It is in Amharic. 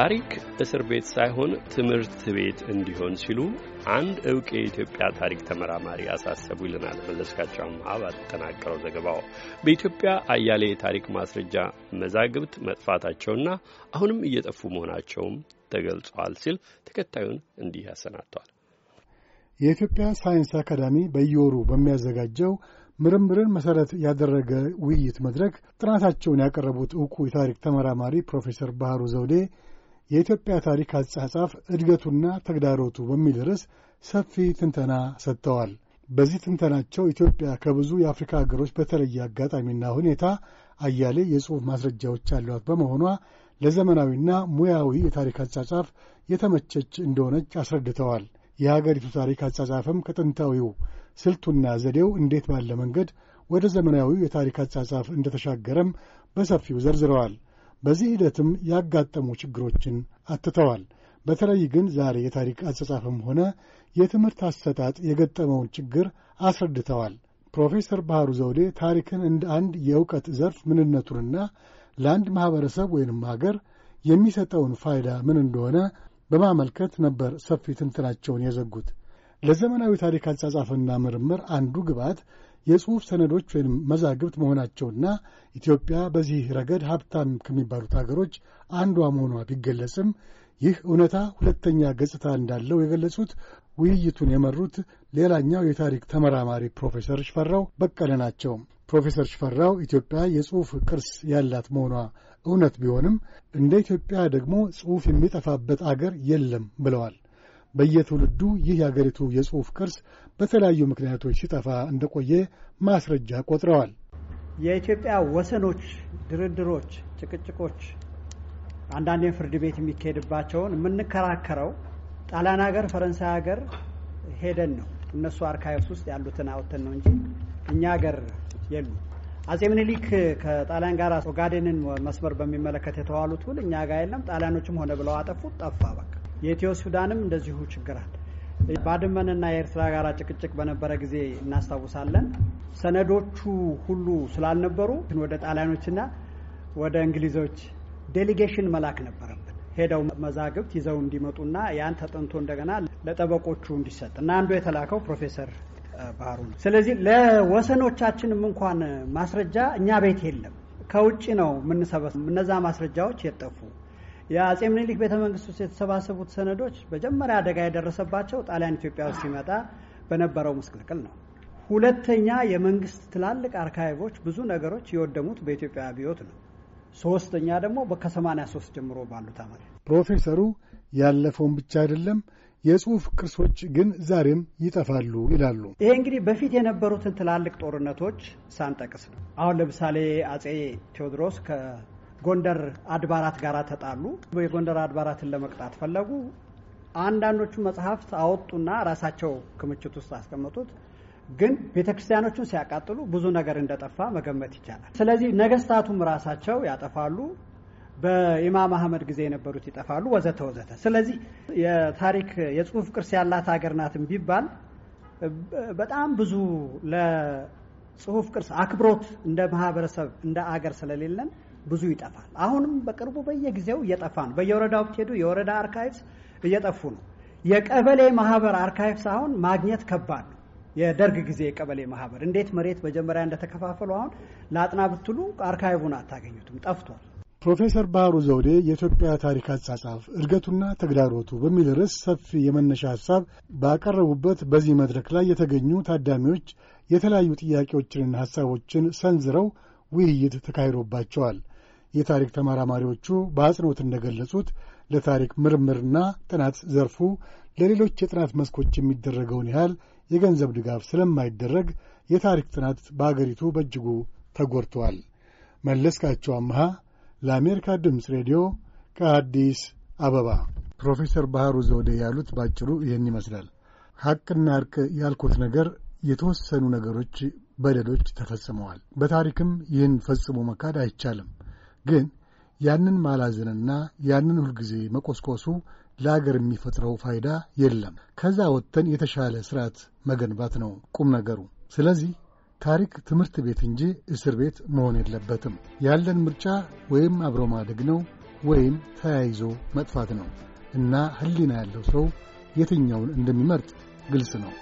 ታሪክ እስር ቤት ሳይሆን ትምህርት ቤት እንዲሆን ሲሉ አንድ እውቅ የኢትዮጵያ ታሪክ ተመራማሪ አሳሰቡ ይለናል መለስካቸው አምሃ ባጠናቀረው ዘገባው። በኢትዮጵያ አያሌ የታሪክ ማስረጃ መዛግብት መጥፋታቸውና አሁንም እየጠፉ መሆናቸውም ተገልጿል ሲል ተከታዩን እንዲህ ያሰናድቷል። የኢትዮጵያ ሳይንስ አካዳሚ በየወሩ በሚያዘጋጀው ምርምርን መሠረት ያደረገ ውይይት መድረክ ጥናታቸውን ያቀረቡት እውቁ የታሪክ ተመራማሪ ፕሮፌሰር ባህሩ ዘውዴ የኢትዮጵያ ታሪክ አጻጻፍ እድገቱና ተግዳሮቱ በሚል ርዕስ ሰፊ ትንተና ሰጥተዋል። በዚህ ትንተናቸው ኢትዮጵያ ከብዙ የአፍሪካ ሀገሮች በተለየ አጋጣሚና ሁኔታ አያሌ የጽሑፍ ማስረጃዎች ያሏት በመሆኗ ለዘመናዊና ሙያዊ የታሪክ አጻጻፍ የተመቸች እንደሆነች አስረድተዋል። የሀገሪቱ ታሪክ አጻጻፍም ከጥንታዊው ስልቱና ዘዴው እንዴት ባለ መንገድ ወደ ዘመናዊው የታሪክ አጻጻፍ እንደተሻገረም በሰፊው ዘርዝረዋል። በዚህ ሂደትም ያጋጠሙ ችግሮችን አትተዋል። በተለይ ግን ዛሬ የታሪክ አጸጻፍም ሆነ የትምህርት አሰጣጥ የገጠመውን ችግር አስረድተዋል። ፕሮፌሰር ባህሩ ዘውዴ ታሪክን እንደ አንድ የእውቀት ዘርፍ ምንነቱንና ለአንድ ማኅበረሰብ ወይንም ሀገር የሚሰጠውን ፋይዳ ምን እንደሆነ በማመልከት ነበር ሰፊ ትንትናቸውን የዘጉት። ለዘመናዊ ታሪክ አጻጻፍና ምርምር አንዱ ግብዓት የጽሑፍ ሰነዶች ወይም መዛግብት መሆናቸውና ኢትዮጵያ በዚህ ረገድ ሀብታም ከሚባሉት አገሮች አንዷ መሆኗ ቢገለጽም ይህ እውነታ ሁለተኛ ገጽታ እንዳለው የገለጹት ውይይቱን የመሩት ሌላኛው የታሪክ ተመራማሪ ፕሮፌሰር ሽፈራው በቀለ ናቸው። ፕሮፌሰር ሽፈራው ኢትዮጵያ የጽሑፍ ቅርስ ያላት መሆኗ እውነት ቢሆንም እንደ ኢትዮጵያ ደግሞ ጽሑፍ የሚጠፋበት አገር የለም ብለዋል። በየትውልዱ ይህ የአገሪቱ የጽሑፍ ቅርስ በተለያዩ ምክንያቶች ሲጠፋ እንደቆየ ማስረጃ ቆጥረዋል። የኢትዮጵያ ወሰኖች፣ ድርድሮች፣ ጭቅጭቆች አንዳንዴም ፍርድ ቤት የሚካሄድባቸውን የምንከራከረው ጣሊያን ሀገር፣ ፈረንሳይ ሀገር ሄደን ነው። እነሱ አርካይቭስ ውስጥ ያሉትን አውጥተን ነው እንጂ እኛ ሀገር የሉ። አጼ ምኒልክ ከጣሊያን ጋር ኦጋዴንን መስመር በሚመለከት የተዋሉት ውል እኛ ጋር የለም። ጣሊያኖችም ሆነ ብለው አጠፉት፣ ጠፋ በቃ የኢትዮ ሱዳንም እንደዚሁ ችግር አለ። ባድመንና የኤርትራ ጋር ጭቅጭቅ በነበረ ጊዜ እናስታውሳለን። ሰነዶቹ ሁሉ ስላልነበሩ ወደ ጣሊያኖችና ወደ እንግሊዞች ዴሊጌሽን መላክ ነበረብን። ሄደው መዛግብት ይዘው እንዲመጡና ያን ተጠንቶ እንደገና ለጠበቆቹ እንዲሰጥ እና አንዱ የተላከው ፕሮፌሰር ባህሩ ነው። ስለዚህ ለወሰኖቻችንም እንኳን ማስረጃ እኛ ቤት የለም፣ ከውጭ ነው የምንሰበስ። እነዛ ማስረጃዎች የጠፉ የአጼ ምኒልክ ቤተ መንግስት ውስጥ የተሰባሰቡት ሰነዶች መጀመሪያ አደጋ የደረሰባቸው ጣሊያን ኢትዮጵያ ውስጥ ሲመጣ በነበረው ምስቅልቅል ነው። ሁለተኛ የመንግስት ትላልቅ አርካይቮች ብዙ ነገሮች የወደሙት በኢትዮጵያ አብዮት ነው። ሶስተኛ ደግሞ ከ83 ጀምሮ ባሉት አመት። ፕሮፌሰሩ ያለፈውን ብቻ አይደለም የጽሁፍ ቅርሶች ግን ዛሬም ይጠፋሉ ይላሉ። ይሄ እንግዲህ በፊት የነበሩትን ትላልቅ ጦርነቶች ሳንጠቅስ ነው። አሁን ለምሳሌ አጼ ቴዎድሮስ ጎንደር አድባራት ጋር ተጣሉ። የጎንደር አድባራትን ለመቅጣት ፈለጉ። አንዳንዶቹ መጽሐፍት አወጡና ራሳቸው ክምችት ውስጥ አስቀመጡት። ግን ቤተክርስቲያኖቹን ሲያቃጥሉ ብዙ ነገር እንደጠፋ መገመት ይቻላል። ስለዚህ ነገስታቱም ራሳቸው ያጠፋሉ፣ በኢማም አህመድ ጊዜ የነበሩት ይጠፋሉ፣ ወዘተ ወዘተ። ስለዚህ የታሪክ የጽሁፍ ቅርስ ያላት ሀገር ናትም ቢባል በጣም ብዙ ለጽሁፍ ቅርስ አክብሮት እንደ ማህበረሰብ እንደ አገር ስለሌለን ብዙ ይጠፋል። አሁንም በቅርቡ በየጊዜው እየጠፋ ነው። በየወረዳው ብትሄዱ የወረዳ አርካይቭስ እየጠፉ ነው። የቀበሌ ማህበር አርካይቭስ አሁን ማግኘት ከባድ ነው። የደርግ ጊዜ የቀበሌ ማህበር እንዴት መሬት መጀመሪያ እንደተከፋፈሉ አሁን ለአጥና ብትሉ አርካይቡን አታገኙትም፣ ጠፍቷል። ፕሮፌሰር ባህሩ ዘውዴ የኢትዮጵያ ታሪክ አጻጻፍ እድገቱና ተግዳሮቱ በሚል ርዕስ ሰፊ የመነሻ ሀሳብ ባቀረቡበት በዚህ መድረክ ላይ የተገኙ ታዳሚዎች የተለያዩ ጥያቄዎችንና ሀሳቦችን ሰንዝረው ውይይት ተካሂዶባቸዋል። የታሪክ ተመራማሪዎቹ በአጽንኦት እንደገለጹት ለታሪክ ምርምርና ጥናት ዘርፉ ለሌሎች የጥናት መስኮች የሚደረገውን ያህል የገንዘብ ድጋፍ ስለማይደረግ የታሪክ ጥናት በአገሪቱ በእጅጉ ተጎድተዋል። መለስካቸው አምሃ ለአሜሪካ ድምፅ ሬዲዮ ከአዲስ አበባ። ፕሮፌሰር ባህሩ ዘውዴ ያሉት ባጭሩ ይህን ይመስላል። ሐቅና እርቅ ያልኩት ነገር የተወሰኑ ነገሮች፣ በደሎች ተፈጽመዋል። በታሪክም ይህን ፈጽሞ መካድ አይቻልም። ግን ያንን ማላዘንና ያንን ሁልጊዜ መቆስቆሱ ለአገር የሚፈጥረው ፋይዳ የለም። ከዛ ወጥተን የተሻለ ስርዓት መገንባት ነው ቁም ነገሩ። ስለዚህ ታሪክ ትምህርት ቤት እንጂ እስር ቤት መሆን የለበትም። ያለን ምርጫ ወይም አብሮ ማደግ ነው ወይም ተያይዞ መጥፋት ነው እና ሕሊና ያለው ሰው የትኛውን እንደሚመርጥ ግልጽ ነው።